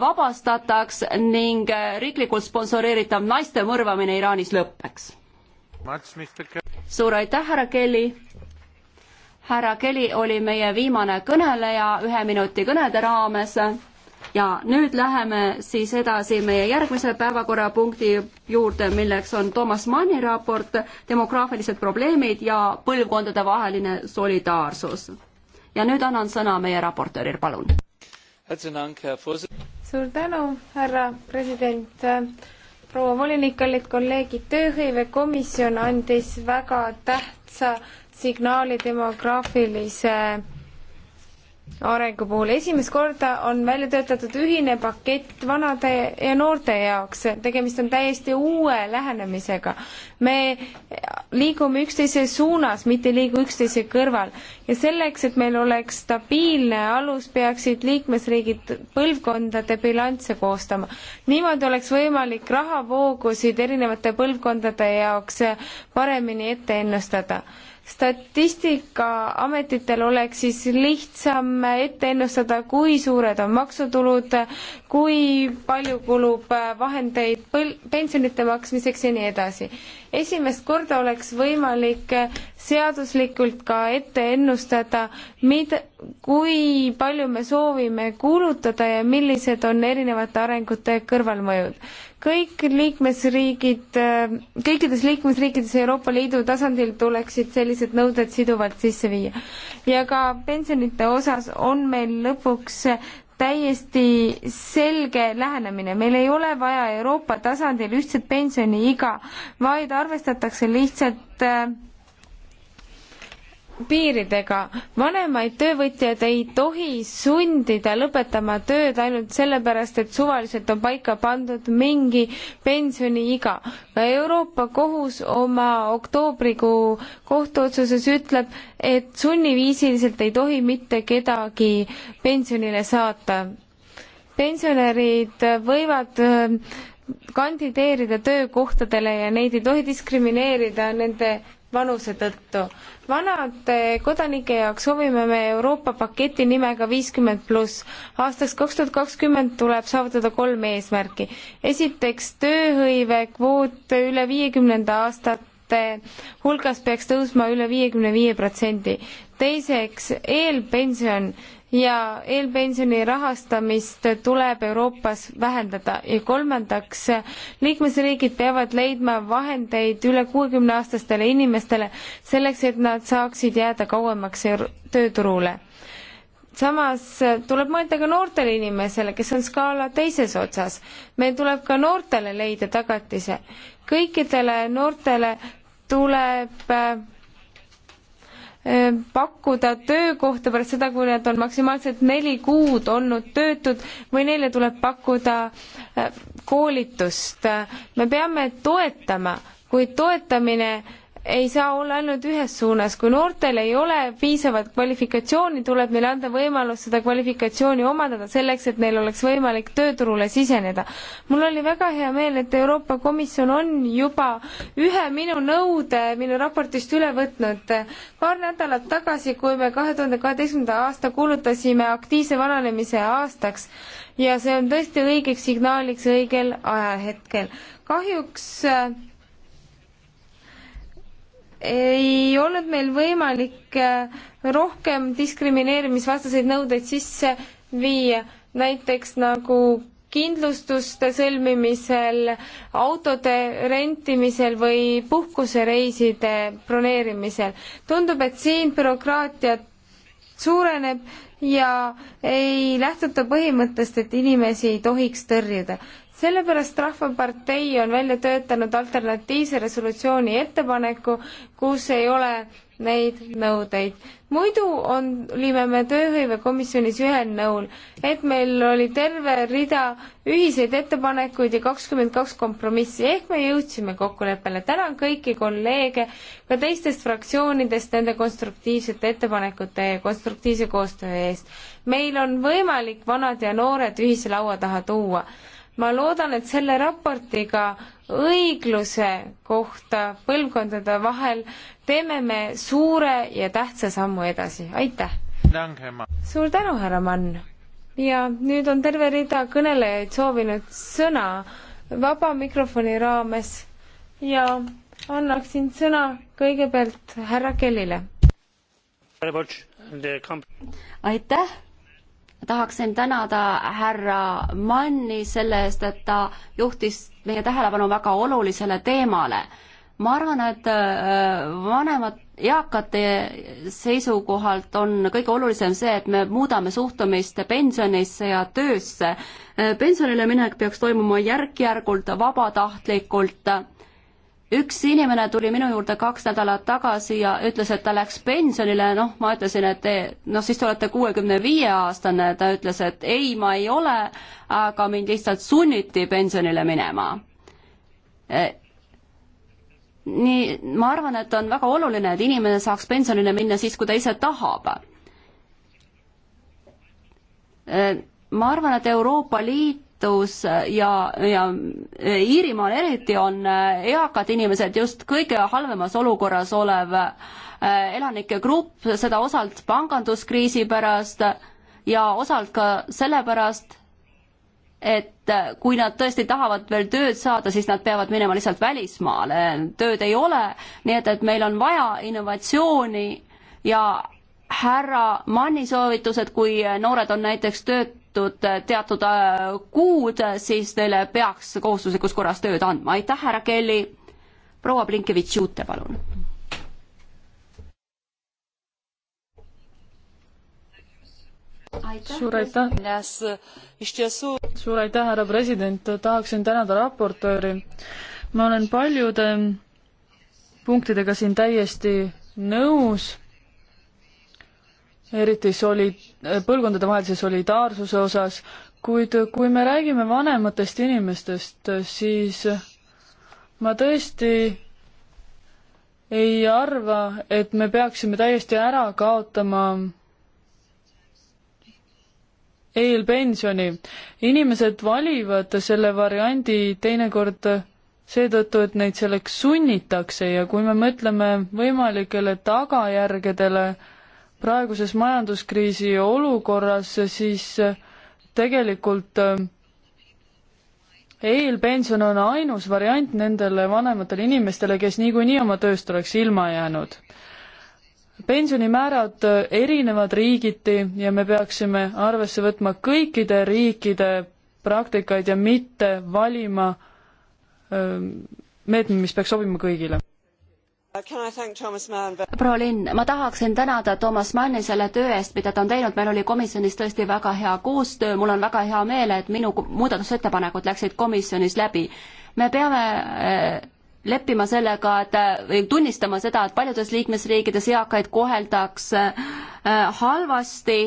vabastataks ning riiklikult sponsoreeritav naiste mõrvamine Iraanis lõpeks. suur aitäh, härra Kelly! härra Kelly oli meie viimane kõneleja ühe minuti kõnede raames ja nüüd läheme siis edasi meie järgmise päevakorrapunkti juurde, milleks on Toomas Manni raport demograafilised probleemid ja põlvkondade vaheline solidaarsus. ja nüüd annan sõna meie raportööril, palun suur tänu, härra president. proua volinik, kallid kolleegid, tööhõivekomisjon andis väga tähtsa signaali demograafilise arengu puhul. esimest korda on välja töötatud ühine pakett vanade ja noorte jaoks. tegemist on täiesti uue lähenemisega. me liigume üksteise suunas, mitte ei liigu üksteise kõrval. ja selleks, et meil oleks stabiilne alus, peaksid liikmesriigid põlvkondade bilansse koostama. niimoodi oleks võimalik rahavoogusid erinevate põlvkondade jaoks paremini ette ennustada statistikaametitel oleks siis lihtsam ette ennustada, kui suured on maksutulud, kui palju kulub vahendeid põl-, pensionite maksmiseks ja nii edasi. esimest korda oleks võimalik seaduslikult ka ette ennustada, mida, kui palju me soovime kulutada ja millised on erinevate arengute kõrvalmõjud. kõik liikmesriigid, kõikides liikmesriikides Euroopa Liidu tasandil tuleksid sellised nõuded siduvalt sisse viia. ja ka pensionite osas on meil lõpuks täiesti selge lähenemine, meil ei ole vaja Euroopa tasandil ühtset pensioniiga, vaid arvestatakse lihtsalt äh, piiridega. vanemaid töövõtjaid ei tohi sundida lõpetama tööd ainult sellepärast, et suvaliselt on paika pandud mingi pensioniiga. ka Euroopa Kohus oma oktoobrikuu kohtuotsuses ütleb, et sunniviisiliselt ei tohi mitte kedagi pensionile saata. pensionärid võivad äh, kandideerida töökohtadele ja neid ei tohi diskrimineerida nende vanuse tõttu. vanade kodanike jaoks soovime me Euroopa paketi nimega viiskümmend pluss. aastaks kaks tuhat kakskümmend tuleb saavutada kolm eesmärki. esiteks, tööhõive kvoot üle viiekümnenda aastate hulgas peaks tõusma üle viiekümne viie protsendi. teiseks, eelpension ja eelpensioni rahastamist tuleb Euroopas vähendada ja kolmandaks, liikmesriigid peavad leidma vahendeid üle kuuekümne aastastele inimestele selleks, et nad saaksid jääda kauemaks tööturule samas tuleb mõelda ka noortele inimesele, kes on skaala teises otsas. meil tuleb ka noortele leida tagatise. kõikidele noortele tuleb äh, Äh, pakkuda töökohta pärast seda, kui nad on maksimaalselt neli kuud olnud töötud või neile tuleb pakkuda äh, koolitust. Äh, me peame toetama, kuid toetamine ei saa olla ainult ühes suunas, kui noortel ei ole piisavat kvalifikatsiooni, tuleb neile anda võimalus seda kvalifikatsiooni omandada selleks, et neil oleks võimalik tööturule siseneda. mul oli väga hea meel, et Euroopa Komisjon on juba ühe minu nõude minu raportist üle võtnud. paar nädalat tagasi, kui me kahe tuhande kaheteistkümnenda aasta kuulutasime aktiivse vananemise aastaks ja see on tõesti õigeks signaaliks õigel ajahetkel. kahjuks ei olnud meil võimalik äh, rohkem diskrimineerimisvastaseid nõudeid sisse viia, näiteks nagu kindlustuste sõlmimisel, autode rentimisel või puhkusereiside broneerimisel. tundub, et siin bürokraatia suureneb ja ei lähtuta põhimõttest, et inimesi ei tohiks tõrjuda sellepärast Rahvapartei on välja töötanud alternatiivse resolutsiooni ettepaneku, kus ei ole neid nõudeid. muidu on, olime me tööhõivekomisjonis ühel nõul, et meil oli terve rida ühiseid ettepanekuid ja kakskümmend kaks kompromissi, ehk me jõudsime kokkuleppele. tänan kõiki kolleege ka teistest fraktsioonidest nende konstruktiivsete ettepanekute ja konstruktiivse koostöö eest. meil on võimalik vanad ja noored ühise laua taha tuua ma loodan, et selle raportiga õigluse kohta põlvkondade vahel teeme me suure ja tähtsa sammu edasi, aitäh! suur tänu, härra Mann! ja nüüd on terve rida kõnelejaid soovinud sõna vaba mikrofoni raames ja annaksin sõna kõigepealt härra Kellile. aitäh! tahaksin tänada härra Manni selle eest, et ta juhtis meie tähelepanu väga olulisele teemale. ma arvan, et äh, vanemad, eakate seisukohalt on kõige olulisem see, et me muudame suhtumist pensionisse ja töösse. Äh, pensionile minek peaks toimuma järk-järgult, vabatahtlikult üks inimene tuli minu juurde kaks nädalat tagasi ja ütles, et ta läks pensionile, noh, ma ütlesin, et noh, siis te olete kuuekümne viie aastane, ta ütles, et ei, ma ei ole, aga mind lihtsalt sunniti pensionile minema. E, nii, ma arvan, et on väga oluline, et inimene saaks pensionile minna siis, kui ta ise tahab e, ma arvan, et Euroopa Liit toetus ja, ja Iirimaal eriti on eakad inimesed just kõige halvemas olukorras olev äh, elanike grupp, seda osalt panganduskriisi pärast ja osalt ka sellepärast, et kui nad tõesti tahavad veel tööd saada, siis nad peavad minema lihtsalt välismaale, tööd ei ole, nii et, et meil on vaja innovatsiooni ja härra Manni soovitus, et kui noored on näiteks tööd täidetud teatud äh, kuud, siis neile peaks kohustuslikus korras tööd andma. aitäh, härra Kelly. proua Blinkevitš-Juute, palun. suur aitäh. suur aitäh, härra president, tahaksin tänada raportööri. ma olen paljude punktidega siin täiesti nõus eriti soli-, põlvkondadevahelise solidaarsuse osas, kuid kui me räägime vanematest inimestest, siis ma tõesti ei arva, et me peaksime täiesti ära kaotama eelpensioni. inimesed valivad selle variandi teinekord seetõttu, et neid selleks sunnitakse ja kui me mõtleme võimalikele tagajärgedele, praeguses majanduskriisi olukorras, siis äh, tegelikult äh, eelpension on ainus variant nendele vanematele inimestele, kes niikuinii oma tööst oleks ilma jäänud. pensionimäärad äh, erinevad riigiti ja me peaksime arvesse võtma kõikide riikide praktikaid ja mitte valima meetme, mis peaks sobima kõigile. Uh, proua Linn, ma tahaksin tänada Toomas Manni selle töö eest, mida ta on teinud, meil oli komisjonis tõesti väga hea koostöö, mul on väga hea meel, et minu muudatusettepanekud läksid komisjonis läbi. me peame äh, leppima sellega, et äh, või tunnistama seda, et paljudes liikmesriikides eakaid koheldakse äh, halvasti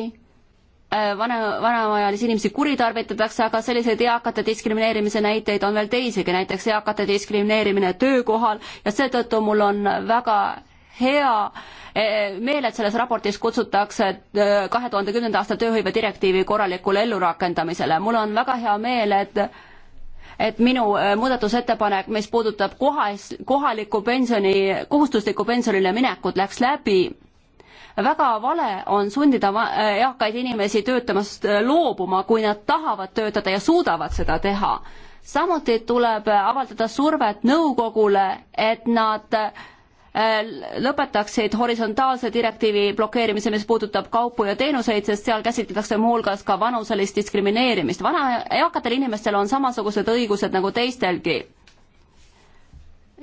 Äh, vana, vanemaealisi inimesi kuritarvitatakse, aga selliseid eakate diskrimineerimise näiteid on veel teisigi, näiteks eakate diskrimineerimine töökohal ja seetõttu mul on väga hea eh, meel, et selles raportis kutsutakse äh, kahe tuhande kümnenda aasta tööhõive direktiivi korralikule ellurakendamisele. mul on väga hea meel, et et minu äh, muudatusettepanek, mis puudutab kohas, kohalikku pensioni, kohustuslikku pensionile minekut, läks läbi väga vale on sundida äh, eakaid inimesi töötamast äh, loobuma, kui nad tahavad töötada ja suudavad seda teha. samuti tuleb avaldada survet nõukogule, et nad äh, lõpetaksid horisontaalse direktiivi blokeerimise, mis puudutab kaupu ja teenuseid, sest seal käsitletakse muuhulgas ka vanuselist diskrimineerimist. vana, eakatel inimestel on samasugused õigused nagu teistelgi.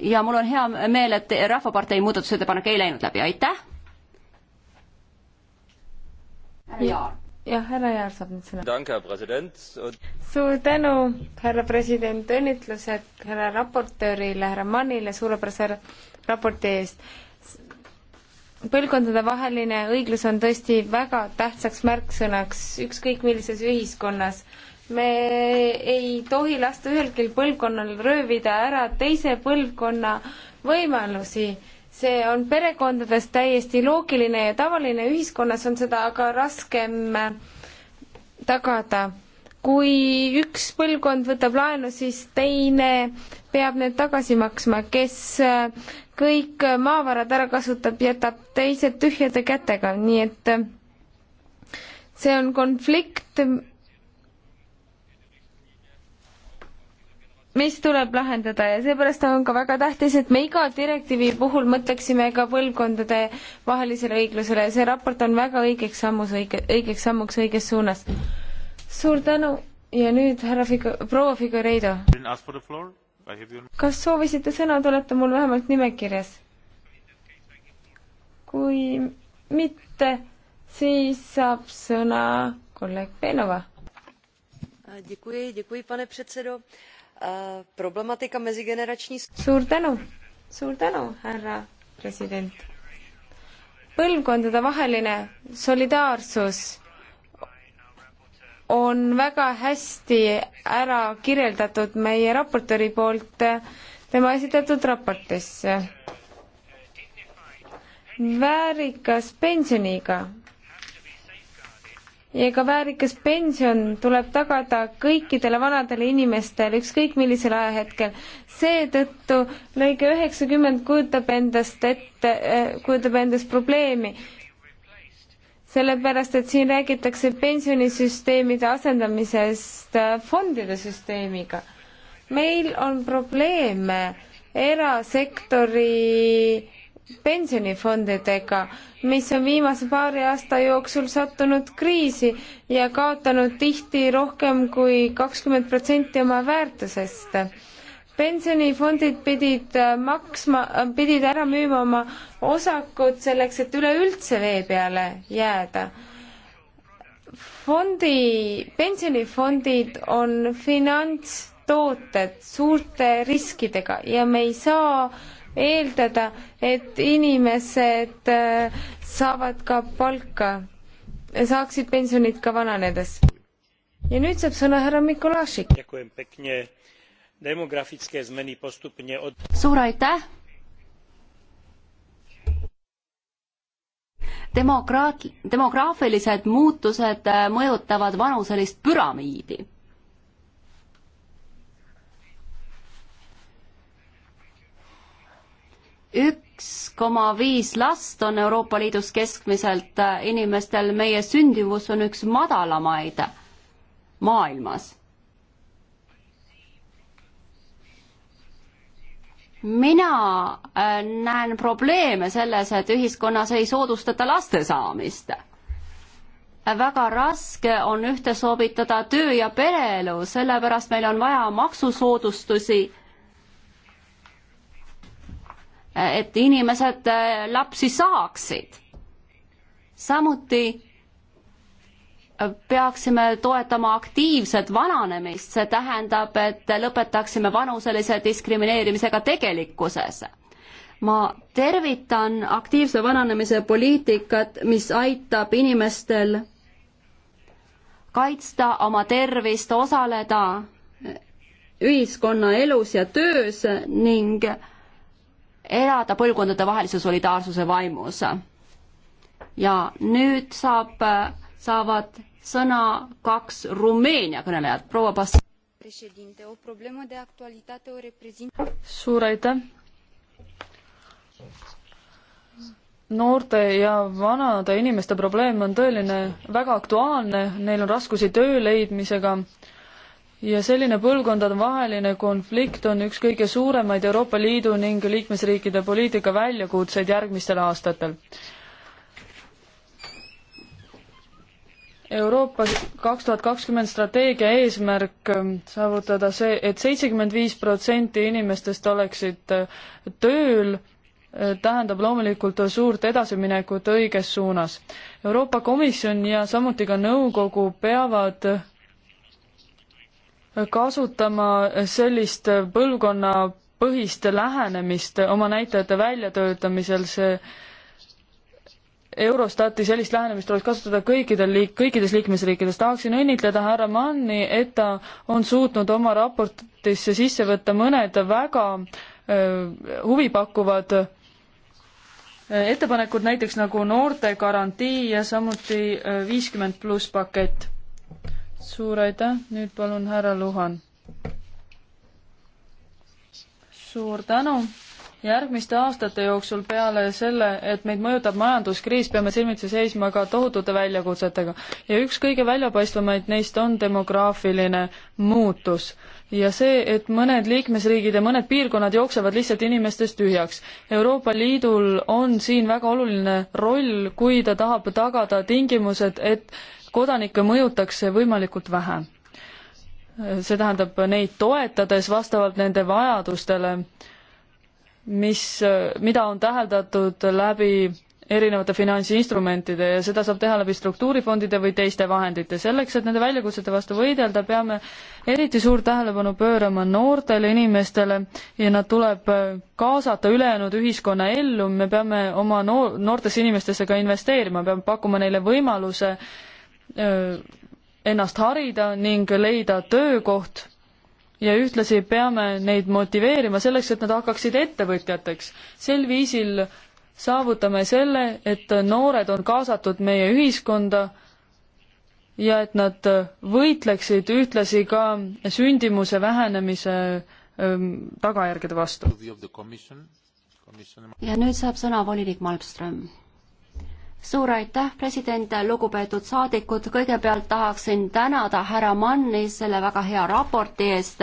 ja mul on hea meel, et Rahvapartei muudatusettepanek ei läinud läbi, aitäh! härra Jaar jah, härra Jaar saab nüüd sõna. suur tänu, härra president, õnnitlused härra raportöörile, härra Mannile suurepärase raporti eest. põlvkondadevaheline õiglus on tõesti väga tähtsaks märksõnaks ükskõik millises ühiskonnas. me ei tohi lasta ühelgi põlvkonnal röövida ära teise põlvkonna võimalusi see on perekondades täiesti loogiline ja tavaline, ühiskonnas on seda aga raskem tagada. kui üks põlvkond võtab laenu, siis teine peab need tagasi maksma, kes kõik maavarad ära kasutab, jätab teised tühjade kätega, nii et see on konflikt, mis tuleb lahendada ja seepärast on ka väga tähtis, et me iga direktiivi puhul mõtleksime ka põlvkondade vahelisele õiglusele ja see raport on väga õigeks sammus õige, õigeks sammuks õiges suunas. suur tänu ja nüüd härra Figo-, proua Figureido. kas soovisite sõna, te olete mul vähemalt nimekirjas? kui mitte, siis saab sõna kolleeg Benova. Děkuji, děkuji, pane předsedo. Uh, Eh, problematika mezigenerační. suur tänu, suur tänu, härra president. põlvkondadevaheline solidaarsus on väga hästi ära kirjeldatud meie raportööri poolt tema esitatud raportis. väärikas pensioniiga ja ka väärikas pension tuleb tagada kõikidele vanadele inimestele, ükskõik millisel ajahetkel. seetõttu lõige üheksakümmend kujutab endast ette, eh, kujutab endast probleemi, sellepärast et siin räägitakse pensionisüsteemide asendamisest eh, fondide süsteemiga. meil on probleeme erasektori pensionifondidega, mis on viimase paari aasta jooksul sattunud kriisi ja kaotanud tihti rohkem kui kakskümmend protsenti oma väärtusest. pensionifondid pidid äh, maksma, äh, pidid ära müüma oma osakud selleks, et üleüldse vee peale jääda fondi, pensionifondid on finantstooted suurte riskidega ja me ei saa eeldada, et inimesed äh, saavad ka palka, saaksid pensionid ka vananedes. ja nüüd saab sõna härra Mikulašik. suur aitäh demokraat-, demograafilised muutused äh, mõjutavad vanuselist püramiidi. üks koma viis last on Euroopa Liidus keskmiselt äh, inimestel, meie sündivus on üks madalamaid maailmas. mina äh, näen probleeme selles, et ühiskonnas ei soodustata laste saamist. väga raske on ühte soovitada töö ja pereelu, sellepärast meil on vaja maksusoodustusi et inimesed äh, lapsi saaksid. samuti äh, peaksime toetama aktiivset vananemist, see tähendab, et lõpetaksime vanuselise diskrimineerimisega tegelikkuses. ma tervitan aktiivse vananemise poliitikat, mis aitab inimestel kaitsta oma tervist, osaleda ühiskonnaelus ja töös ning äh, elada põlvkondadevahelise solidaarsuse vaimus. ja nüüd saab, saavad sõna kaks Rumeenia kõnelejat, proua Pass-. suur aitäh! noorte ja vanade inimeste probleem on tõeline, väga aktuaalne, neil on raskusi töö leidmisega ja selline põlvkondadevaheline konflikt on üks kõige suuremaid Euroopa Liidu ning liikmesriikide poliitika väljakutseid järgmistel aastatel. Euroopa kaks tuhat kakskümmend strateegia eesmärk ähm, saavutada see et, et seitsekümmend viis protsenti inimestest oleksid äh, tööl, äh, tähendab loomulikult suurt edasiminekut õiges suunas. Euroopa Komisjon ja samuti ka nõukogu peavad kasutama sellist põlvkonnapõhist lähenemist oma näitajate väljatöötamisel, see Eurostati sellist lähenemist tuleks kasutada kõikidel liik-, kõikides liikmesriikides. tahaksin õnnitleda härra Manni, et ta on suutnud oma raportisse sisse võtta mõned väga äh, huvipakkuvad äh, ettepanekud, näiteks nagu noorte garantii ja samuti viiskümmend äh, pluss pakett suur aitäh, nüüd palun härra Luhan. suur tänu järgmiste aastate jooksul peale selle, et meid mõjutab majanduskriis, peame silmitsi seisma ka tohutute väljakutsetega. ja üks kõige väljapaistvamaid neist on demograafiline muutus. ja see, et mõned liikmesriigid ja mõned piirkonnad jooksevad lihtsalt inimestest tühjaks. Euroopa Liidul on siin väga oluline roll, kui ta tahab tagada tingimused, et kodanikke mõjutaks see võimalikult vähe. see tähendab, neid toetades vastavalt nende vajadustele, mis, mida on täheldatud läbi erinevate finantsinstrumentide ja seda saab teha läbi struktuurifondide või teiste vahendite. selleks, et nende väljakutsete vastu võidelda, peame eriti suurt tähelepanu pöörama noortele inimestele ja nad tuleb kaasata ülejäänud ühiskonna ellu, me peame oma noor, noortesse inimestesse ka investeerima, peame pakkuma neile võimaluse äh, Äh, ennast harida ning leida töökoht ja ühtlasi peame neid motiveerima selleks, et nad hakkaksid ettevõtjateks. sel viisil saavutame selle, et noored on kaasatud meie ühiskonda ja et nad võitleksid ühtlasi ka sündimuse vähenemise ähm, tagajärgede vastu. ja nüüd saab sõna volinik Malmström suur aitäh, president, lugupeetud saadikud, kõigepealt tahaksin tänada härra Manni selle väga hea raporti eest,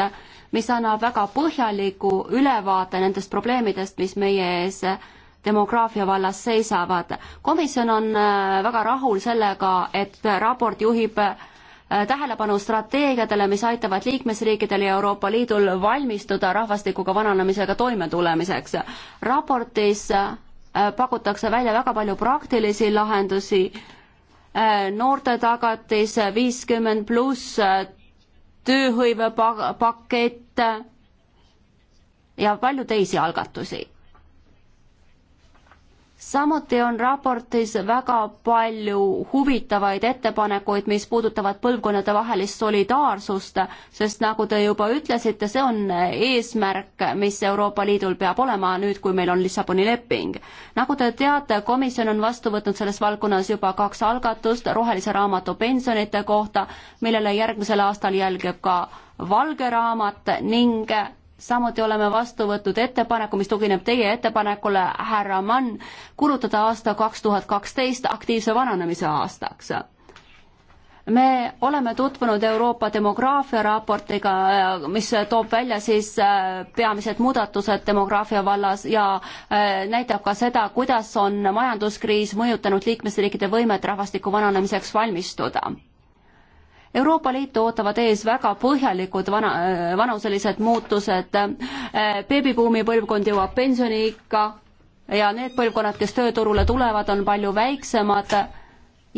mis annab väga põhjaliku ülevaate nendest probleemidest, mis meie ees demograafia vallas seisavad. komisjon on äh, väga rahul sellega, et raport juhib äh, tähelepanu strateegiadele, mis aitavad liikmesriikidel ja Euroopa Liidul valmistuda rahvastikuga vananemisega toimetulemiseks. raportis äh, Äh, pakutakse välja väga palju praktilisi lahendusi, äh, noorte tagatis äh, viiskümmend pluss, tööhõivepakett ja palju teisi algatusi samuti on raportis väga palju huvitavaid ettepanekuid, mis puudutavad põlvkonnadevahelist solidaarsust, sest nagu te juba ütlesite, see on eesmärk, mis Euroopa Liidul peab olema nüüd, kui meil on Lissaboni leping. nagu te teate, komisjon on vastu võtnud selles valdkonnas juba kaks algatust rohelise raamatu pensionite kohta, millele järgmisel aastal jälgib ka valge raamat ning samuti oleme vastu võtnud ettepaneku, mis tugineb teie ettepanekule, härra Mann, kuulutada aasta kaks tuhat kaksteist aktiivse vananemise aastaks. me oleme tutvunud Euroopa demograafia raportiga, äh, mis toob välja siis äh, peamised muudatused demograafia vallas ja äh, näitab ka seda, kuidas on majanduskriis mõjutanud liikmesriikide võimet rahvastiku vananemiseks valmistuda Euroopa Liitu ootavad ees väga põhjalikud vana, äh, vanuselised muutused, äh, beebibuumi põlvkond jõuab pensioniikka ja need põlvkonnad, kes tööturule tulevad, on palju väiksemad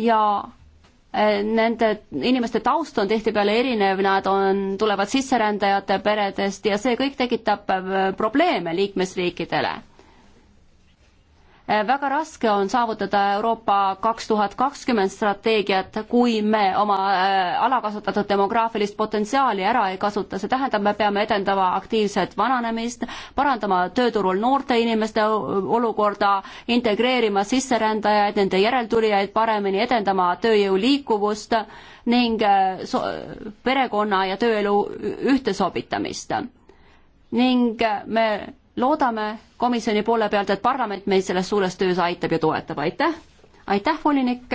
ja äh, nende inimeste taust on tihtipeale erinev, nad on, tulevad sisserändajate peredest ja see kõik tekitab probleeme liikmesriikidele Eh, väga raske on saavutada Euroopa kaks tuhat kakskümmend strateegiat, kui me oma eh, alakasutatud demograafilist potentsiaali ära ei kasuta, see tähendab, me peame edendama aktiivset vananemist, parandama tööturul noorte inimeste olukorda, integreerima sisserändajaid, nende järeltulijaid paremini, edendama tööjõu liikuvust ning eh, so perekonna ja tööelu ühtesobitamist. ning me loodame komisjoni poole pealt, et parlament meid selles suures töös aitab ja toetab, aitäh! aitäh, volinik!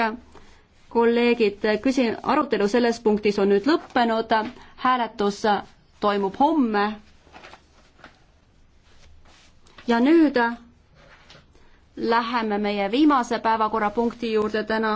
kolleegid, küsin, arutelu selles punktis on nüüd lõppenud, hääletus toimub homme. ja nüüd läheme meie viimase päevakorrapunkti juurde täna